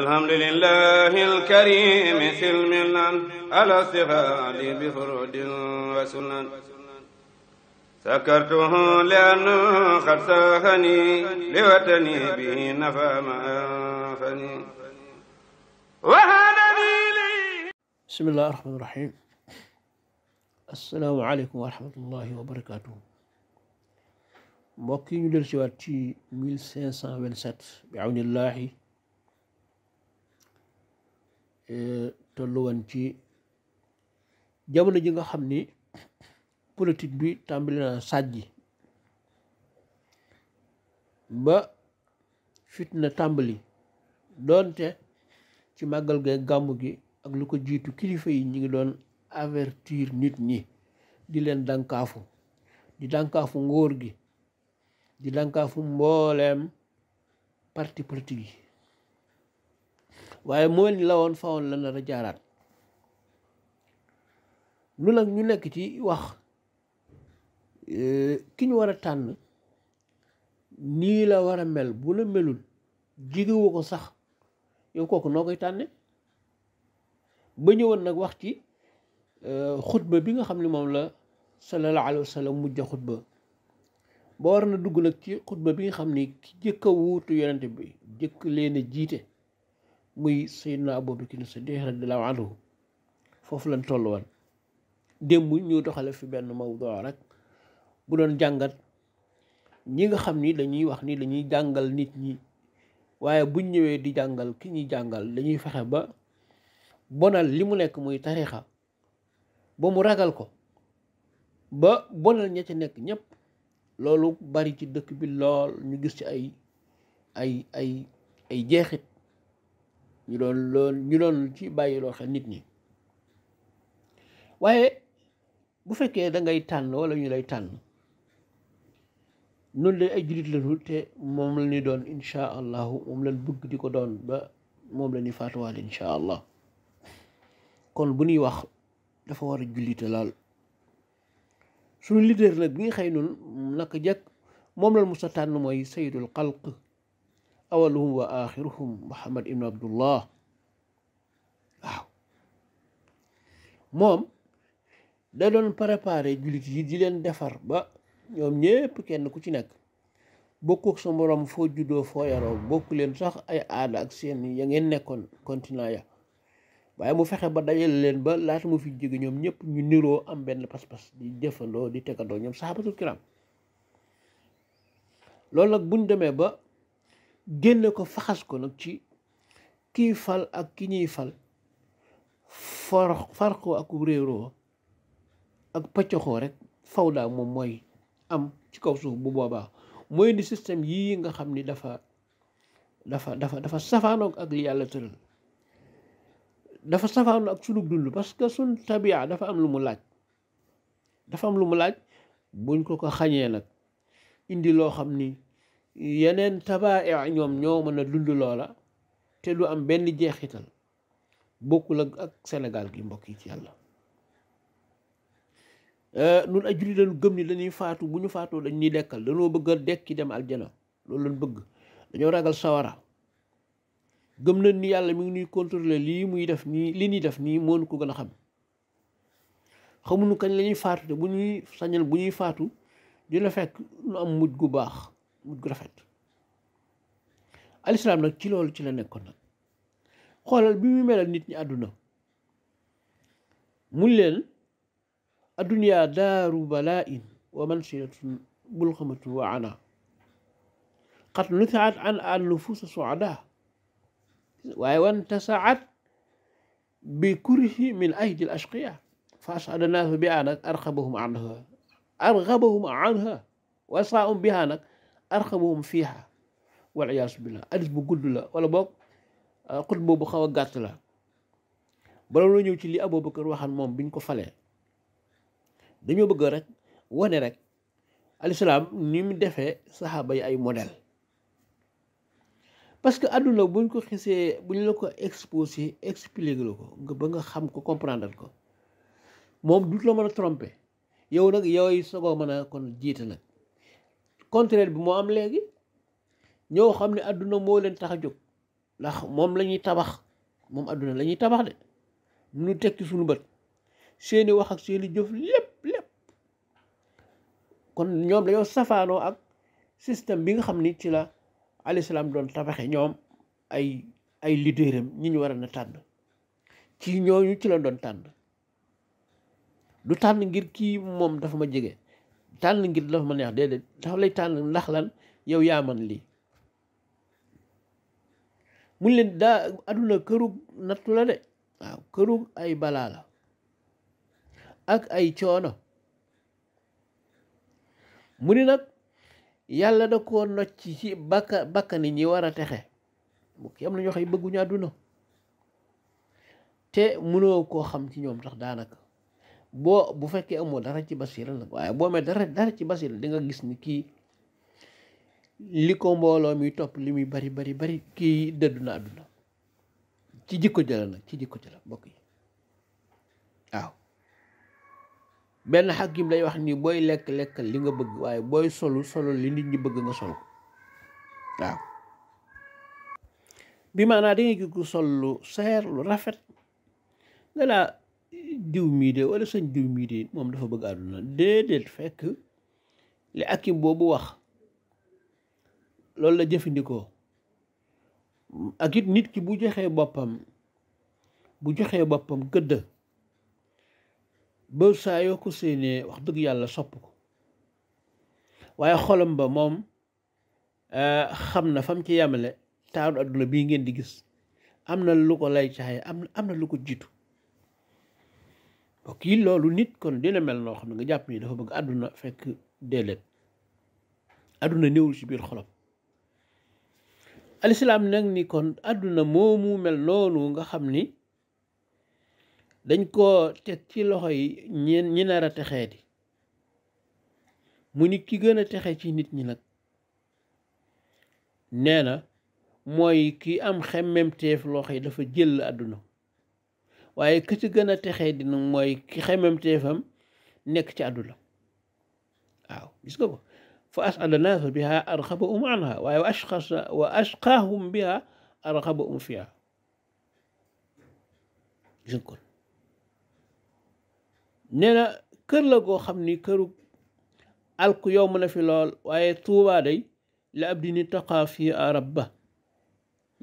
الحمد لله الكريم سلم على استغال بفرود وسنن سكرته لأنه قد ساخني لوطني به نفى ما أنفني وهذا بسم الله الرحمن الرحيم السلام عليكم ورحمة الله وبركاته mbokk yi ñu del ci waat ci 1527 bi awnillahi E, tollu woon ci jamono ji nga xam ni politique bi tàmbali na sàjji ba fitna tàmbali doonte ci màggal gay gàmmu gi ak lu ko jiitu kilifa yi ñu ngi doon avertir nit ñi di leen dànkaafu di dànkaafu ngóor gi di dànkaafu mbooleem parti politique yi waaye mooy la woon fawoon la nar a jaaraat lu nag ñu nekk ci wax eh, ki ñu war a tànn nii la war a mel bu la melul jigewu ko sax yow kooku noo koy tànne ba ñëwoon nag wax ci eh, xutba bi nga xam ne moom la sallallahu alayhi wa sallam mujj xutba ba war na dugg nag ci xutba bi nga xam ni ki jëkk a wuutu yonent bi jëkk leen jiite muy Seydina Abubakar Siddiq radiyallahu anhu foofu lañ toll woon démb ñu doxale fi benn mawdu rek bu doon jàngat ñi nga xam ni dañuy wax ni dañuy jàngal nit ñi waaye buñ ñëwee di jàngal ki ñuy jàngal dañuy fexe ba bonal li mu nekk muy tarixa ba mu ragal ko ba bonal ña ci nekk ñëpp loolu bari ci dëkk bi lool ñu gis ci ay ay ay ay jeexit ñu doon lool ñu doon ci bàyyi loo xel nit ñi waaye bu fekkee dangay ngay tànn wala ñu lay tànn noonu lay ay jullit lañu te moom la doon incha allahu moom lañ bëgg di ko doon ba moom la ñuy faatuwaale allah kon bu ñuy wax dafa war a jullite laal suñu leader nag bi nga xëy noonu naka jekk moom mu sa tànn mooy sayyidul xalq awaluhum wa axiruhum muhammad ibnu abdullah waaw moom da doon préparé jullit yi di leen defar ba ñoom ñépp kenn ku ci nekk bokku sa moroom foo juddoo foo yaroo bokku leen sax ay aada ak seen ya ngeen nekkoon continent ya waaye mu fexe ba dajale leen ba laata mu fi jóge ñoom ñëpp ñu niroo am benn pas-pas di jëfandoo di tegandoo ñoom saxaabatul kiram loolu nag buñ demee ba génne ko faxas ko nag ci kii fal ak ki ñuy fal far farxoo ak réeroo ak paccoxoo rek faw daa moom mooy am ci kaw suuf bu boobaa mooy ni système yii nga xam ni dafa dafa dafa dafa safaanoo ak yàlla tëral dafa safaanoog ak sunu dund parce que sunu tabia dafa am lu mu laaj dafa am lu mu laaj buñ ko ko xañee nag indi loo xam ni yeneen tabaa ñoom ñoo mën a dund loola te lu am benn jeexital bokkul ak senegal gi mbokk yi ci yàlla euh, nun ay jullit dañu gëm ni dañuy faatu bu ñu faatoo dañ ñuy dekkal dañoo bëgg dekki dem aljana loolu lañ bëgg dañoo ragal sawara gëm nañ ni yàlla mi ngi ñuy contrôler lii muy def nii li ñuy def nii moonu ko gën a xam xamuñu kañ lañuy ñuy faatu te bu ñuy sañal bu ñuy faatu dina fekk lu am mujj gu baax mut gu rafet alislaam nag ci loolu ci la nekkoon nag xoolal bi muy melal nit ñi àdduna mun leen adduniyaa daaru balaa in wa mansiratun bulxamatu wa ana xat nusaat an an nufuusa soada waaye wan tasaat bi kurihi min aydil ashqiya fa asada naasu bi a nag arxabahum anha arxabahum anha wasaum biha nag arxamuhum fiiha wal iyaasu billah hadis bu gudd la wala boog ah, xut boobu xaw a gàtt la bala loo ñëw ci li Aboubacar waxan moom biñ ko falee dañoo bëgg rek wone rek alisalaam ni mu defee saxaaba yi ay modèle parce que àdduna buñ ko bu buñ la ko exposé expliqué la ko nga ba nga xam ko comprendre ko moom du la mën a tromper yow nag yooyu sogoo mën a kon jiite nag contraire bi moo am léegi ñoo xam ne àdduna moo leen tax a jóg ndax moom lañuy tabax moom àdduna la ñuy tabax de ñu tekki suñu bët seeni wax ak seeni jëf lépp lépp kon ñoom dañoo safaanoo ak système bi nga xam ni ci la alayhi salaam doon tabaxe ñoom ay ay leaderam ñi ñu war a na tànn ci ñooñu ci la doon tànn lu tànn ngir kii moom dafa ma jege tànn ngir dafa ma neex déedéet dafa lay tànn ndax lan yow yaa man lii mu leen daa aduna këru nattu la de waaw këru ay balaa la ak ay coono mu ni nag yàlla da koo nocc ci bakka bakkani ñi war a texe bokk am na ñoo xam bëgguñu àdduna te mënoo koo xam ci ñoom tax daanaka boo bu fekkee amoo dara ci basira nag waaye boo amee dara dara ci basira di nga gis ni kii li ko mbooloo mi topp li muy bari bari bari kii dëddu na àdduna ci jikko jëla nag ci jikko jëla bokk yi waaw benn xakim lay wax ni booy lekk lekkal li nga bëgg waaye booy solu solu li nit ñi bëgg nga solu waaw bi maanaa da ngay gis sol lu seer lu rafet nga laa diw mii de wala sëñ diw mii de moom dafa bëgg àdduna déedéet fekk li akim boobu wax loolu la jëfandikoo ak it nit ki bu joxee boppam bu joxee boppam gëdd ba saa yoo ko seenee wax dëgg yàlla sopp ko waaye xolam ba moom eh, xam na fam ci yamale taaru àdduna bii ngeen di gis am na lu ko lay caay am na am na lu ko jiitu mbokk yi loolu nit kon dina mel noo xam ne nga jàpp ni dafa bëgg àdduna fekk déedéet àdduna néewul ci biir xolam alislaam nag ni kon àdduna moomu mel noonu nga xam ni dañ koo teg ci loxo yi ñeen ñi nar a texee di mu ni ki gën a texe ci nit ñi nag nee na mooy ki am xemmemteef loxo yi dafa jël àdduna waaye ki ci gën a texee dina mooy ki xemem teefam nekk ci àdduna waaw gis nga ko fa as'ala naasa biha arxabahum anha waaye wa ashqas wa ashqahum biha arxabahum fiha gis nga ko nee na kër la goo xam ni këru alku yomb na fi lool waaye tuubaa day la ab di ni fi rabba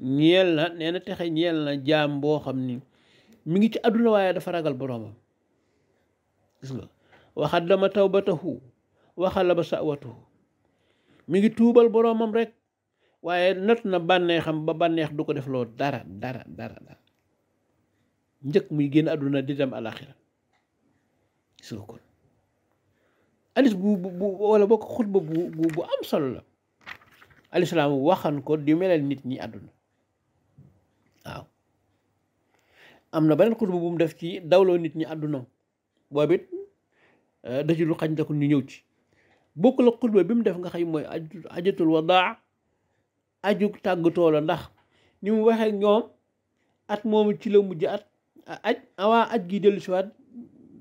ñeel na nee texe ñeel na jaam boo xam ni mi ngi ci àdduna waaye dafa ragal boroomam gis waxal la ba sa sawatuhu mi ngi tuubal boroomam rek waaye not na bànneexam ba bànneex du ko def loo dara dara dara njëkk muy génn àdduna di dem alaxira gis nga kon bu bu wala bokk xutba bu bu alislaam waxan ko di melal nit ñi àdduna am na beneen xutba bu mu def ci dawloo nit ñi àdduna boobu it eh, da ci lu xañ ñu ñëw ci bokk la xutba bi mu def nga xay mooy ajatul wadaa ajug tàggatoo la ndax ni mu waxee ñoom at moomu ci la mujj at aj awaa aj gi dellu siwaat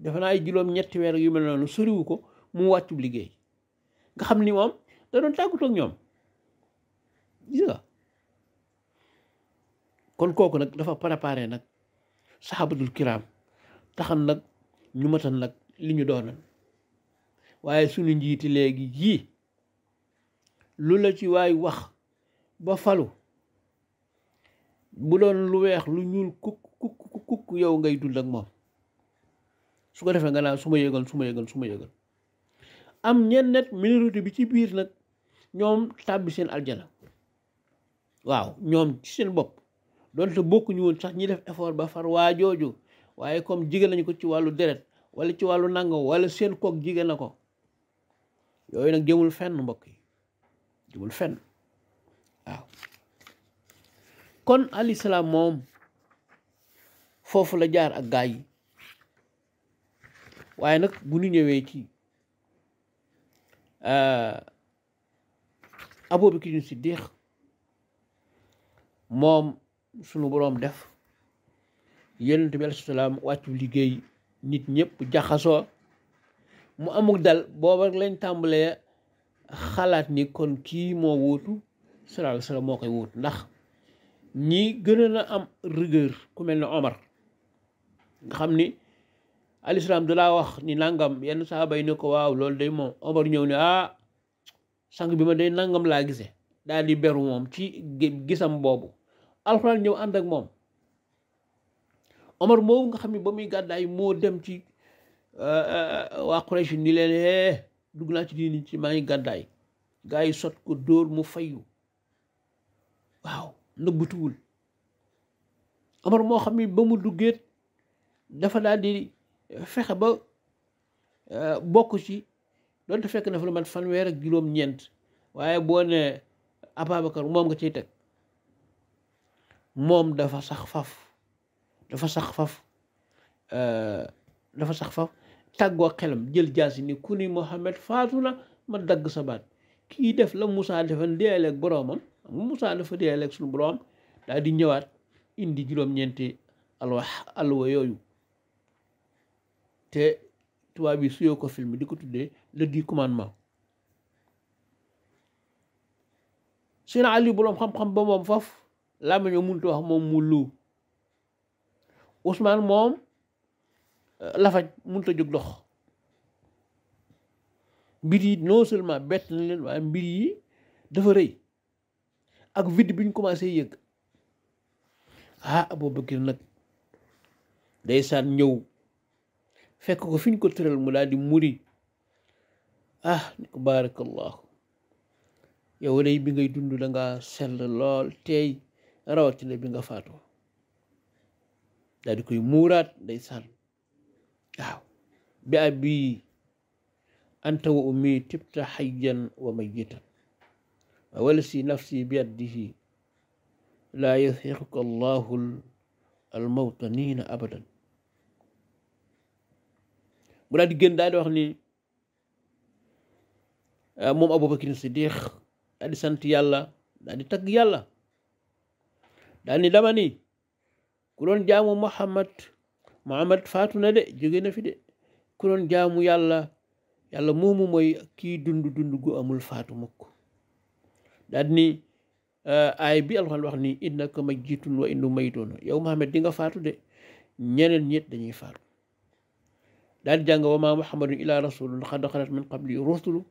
defe naa ay juróom ñetti weer yu mel noonu soriwu ko mu wàccub liggéey nga xam ni moom da doon ñoom kon kooku nag dafa préparé nag saxaabatul kiram taxan nag ñu matan nag li ñu doonan waaye suñu njiiti léegi yii lu la ci waay wax ba falu bu doon lu weex lu ñuul kukk kukk kukk yow ngay dund ak moom su ko defee nga naan su ma yëgal su ma yëgal su ma yëgal am ñennet minorité bi ci biir nag ñoom tàbbi seen aljana waaw ñoom seen bopp donte bokkuñu woon sax ñi def effort ba far waa jooju waaye comme jigéen nañu ko ci wàllu deret wala ci wàllu nangam wala seen kook jigéen na ko yooyu nag jëmul fenn mbokk yi jëmul fen waaw kon alisalaam moom foofu la jaar ak gaay yi waaye nag bu ñu ñëwee ci euh, Abubakar Siddiq moom sunu boroom def yonent bi alayhi salaam wàccu liggéey nit ñëpp jaxasoo mu amuk dal booba lañ tàmbalee xalaat ni kon kii moo wuutu sallallahu alayhi wasallam moo koy wuutu ndax ñi gën a am rigueur ku mel ni Omar xam ni alayhi salaam da laa wax ni nangam yenn saaba yi ne ko waaw loolu day moom Omar ñëw ne ah sang bi ma day nangam laa gisee daal di beru moom ci gisam boobu alxuraan ñëw ànd ak moom Omar moomu nga xam ne ba muy gàddaay moo dem ci euh, euh, waa Quraysh ni leen eh dugg naa ci diini ci maa ngi gàddaay gaa yi sot ko dóor mu fayu waaw nëbbutuwul Omar moo xam ne ba mu duggeet dafa daal di fexe ba euh, bokk ci doonte fekk na fa lu mat fanweer ak ñeent waaye boo ne Ababacar moom nga ciy teg. moom dafa sax faf dafa sax faf euh, dafa sax faf tàggoo xelam jël jaasi ni ku ni Muhammad faatu na ma dagg sa baat kii def la Moussa defan deeleeg boroomam xam nga Moussa dafa deeleeg suñu boroom daal di ñëwaat indi juróom-ñeenti alwax alwa yooyu te tubaab yi suyoo ko film di ko tuddee le dix commandement sina ali boroom xam-xam ba moom foofu làmmiñoo mënut wax moom mu lu Ousmane moom euh, lafañ mënut a jóg dox mbir yi non seulement bett na leen waaye mbir yi dafa rëy ak vide biñ ñu commencé yëg ah Aboubacar nag ndeysaan ñëw fekk ko fiñ ko tëral mu daal di muri ah ni ko baarakallahu yow day bi ngay dund da nga sell lool tey rawatina bi nga faatoo daal di koy muuraat day saan waaw bi abi anta wa ummi tibta xayyan wa mayyitan walasi nafsi bi yaddihi laa yasxiquka allahu almawtanina abadan mu daal di wax ni ah, moom abubakar siddiq daal di sant yàlla daal di tagg yàlla daal ni dama ni ku doon jaamu Muhammad Muhammad faatu na de jóge na de ku doon jaamu yàlla yàlla moomu mooy kii dund dund gu amul faatu mukk daal ni eh, aay bi alxuraan wax ni innaka mayyitun wa innahum yow Muhammad di nga faatu de ñeneen ñett dañuy faatu daal di jàng wa maa muhammadun illa rasulun xad xalat min qabli rusulu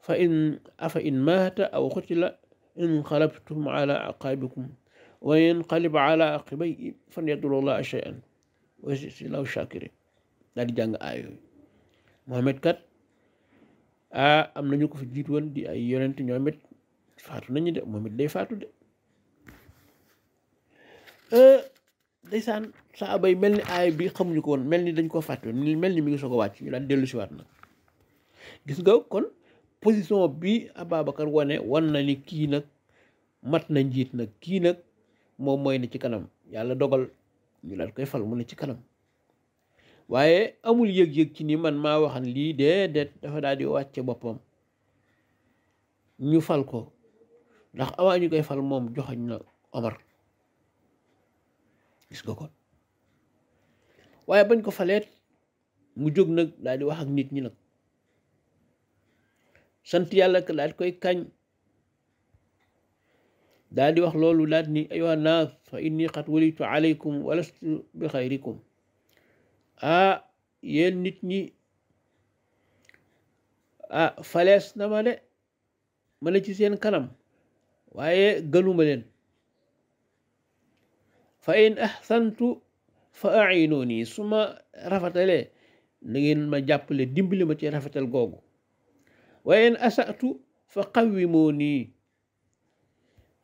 fa in afa in maata aw xutila in xalabtum ala aqaabikum wa yanqalib ala aqibayhi fan yadurullah shay'an wa yajzillahu shakirin daal di jàng aay Muhammad kat ah am nañu ko fi jiit woon di ay yonent ñoom faatu nañu de moom it day faatu de ndeysaan saaba yi mel ni aay bi xamuñu ko woon mel ni dañ koo fàtte mel ni mi ngi soog a ñu daan dellu si waat nag gis nga kon position bi Ababacar wane wan na ni kii nag mat na njiit nag kii nag moom mooy ne ci kanam yàlla dogal ñu laat koy fal mu ne ci kanam waaye amul yëg-yëg ci ni man maa waxan lii déedéet dafa daal di wàcce boppam ñu fal ko ndax awaa ñu koy fal moom joxoñ na Omar gis nga kon waaye bañ ko faleet mu jóg nag daal di wax nit ñi nag sant yàlla daal koy kañ daal di wax loolu daal ni ayuha naas fa inni qad walitu alaykum walastu bi xayrikum ah yéen nit ñi ah falees na ma de ma ne ci seen kanam waaye gënuma leen fa in ahsantu fa ainuni su ma rafetalee na ngeen ma jàppale dimbali ma ci rafetal googu wa in asatu fa qawwimoo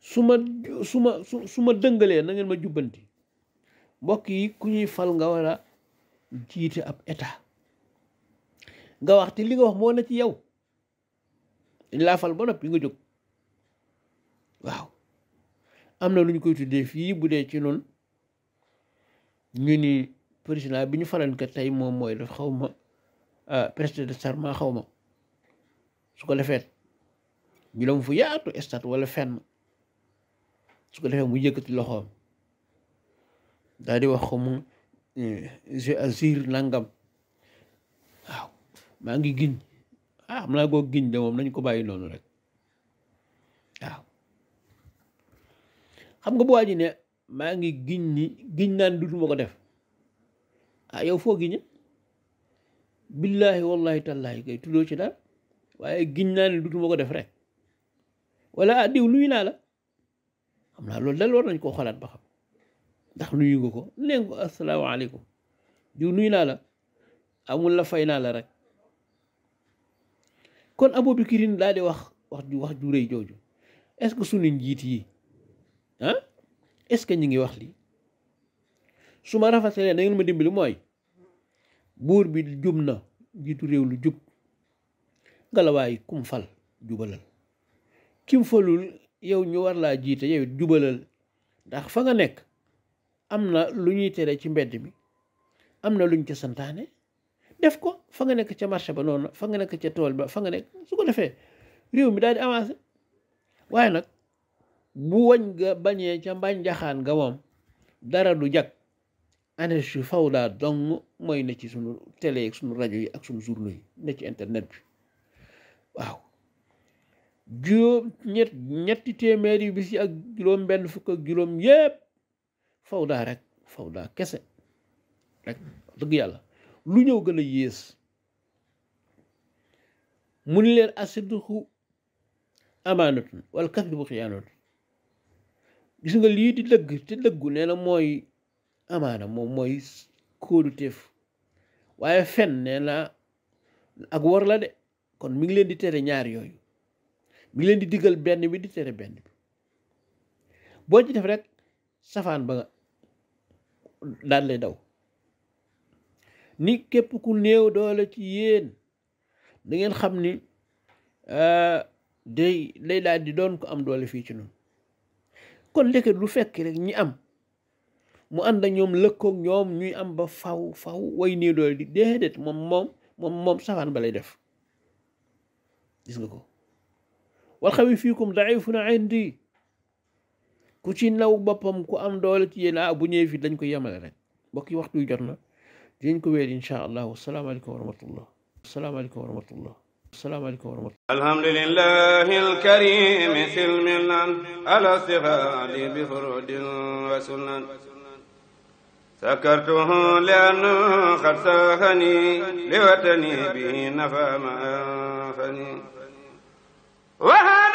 su ma su ma su su ma dëngalee na ngeen jubbanti mbokk yi ku ñuy fal nga war a jiite ab état nga wax te li nga wax moo na ci yow dañ laa fal ba noppi nga jóg waaw am na lu ñu koy tuddee fii bu dee ci noonu ñu ni président bi ñu faral ko tey moom mooy def xaw ma ah, prêté de serment xaw ma su ko defee ñu dem fu yaatu état wala fenn. su ko defee mu yëkkati loxoom daal di wax ko mu eh, je assure nangam waaw maa ngi giñ ah xam naa koo giñ de nañ ko bàyyi noonu rek waaw xam nga bu waa ji ne maa ngi giñ ni giñ naan dutuma ko def ah yow foo giñe billaahi wallahi tallaahi kay tuddoo ci daal waaye giñ naan dutuma ko def rek wala ah diw nuyu la xam naa loolu dal war nañ koo xalaat ba xam ndax nuyu nga ko nee ko asalaamaaleykum diw nuyu naa la amul la fay naa la rek kon Aboubacrine daal di wax wax ju wax ju rëy jooju est-ce que suñu njiit yi ah est-ce que ñu ngi wax li su ma rafetalee da ngeen ma dimbali mooy buur bi jub na jiitu réew lu jub ngalawaay kum fal jubalal kim falul yow ñu war laa jiite yow jubalal ndax fa nga nekk am na lu ñuy tere ci mbedd mi am na luñ ca santaane def ko fa nga nekk ca marché ba noonu fa nga nekk ca tool ba fa nga nekk su ko defee réew mi daal di avancé waaye nag bu wañ ga bañee ca mbañ jaxaan nga moom dara du jag anarchie faw daa dong mooy ne ci sunu telee sunu rajo yi ak sunu journaux yi ne ci internet bi waaw juróom ñett ñetti téeméer yu bis yi ak juróom benn fukk ak juróom yépp fawdaa rek fawdaa kese rek dëgg yàlla lu ñëw gën a yées mu ni leen asidqu amaanatun wal kasdibu xiyaanatun gis nga lii di dëgg te na mooy amaana moom mooy kóoduteef waaye fen nee na ak war la de kon mi ngi leen di tere ñaar yooyu mi leen di diggal benn bi di tere benn bi boo ci def rek safaan ba nga daan lay daw ni képp ku néew doole ci yéen da ngeen xam ni euh, day day daal di doon ko am doole fii ci noonu kon ndeket lu fekk rek ñi am mu ànd ak ñoom lëkkoog ñoom ñuy am ba faw faw way néew doole di déedéet moom moom moom moom safaan ba lay def gis nga ko walxawi fiikum daifun indi ku ci naw boppam ku am doole ci yéen ah bu ñëwee fii dañ ko yemale rek mbokk yi waxtu wi jot na dinañ ko wéer incha allah wasalaamaaleykum wa rahmatullah wasalaamaaleykum wa rahmatullah asalaamaaleykum wa rahmatullah alhamdulillahi alkarimi silmilan alastifaadi bi furudin wa sunan سكرته لأنه قد ساهني لوتني به نفى ما أنفني wa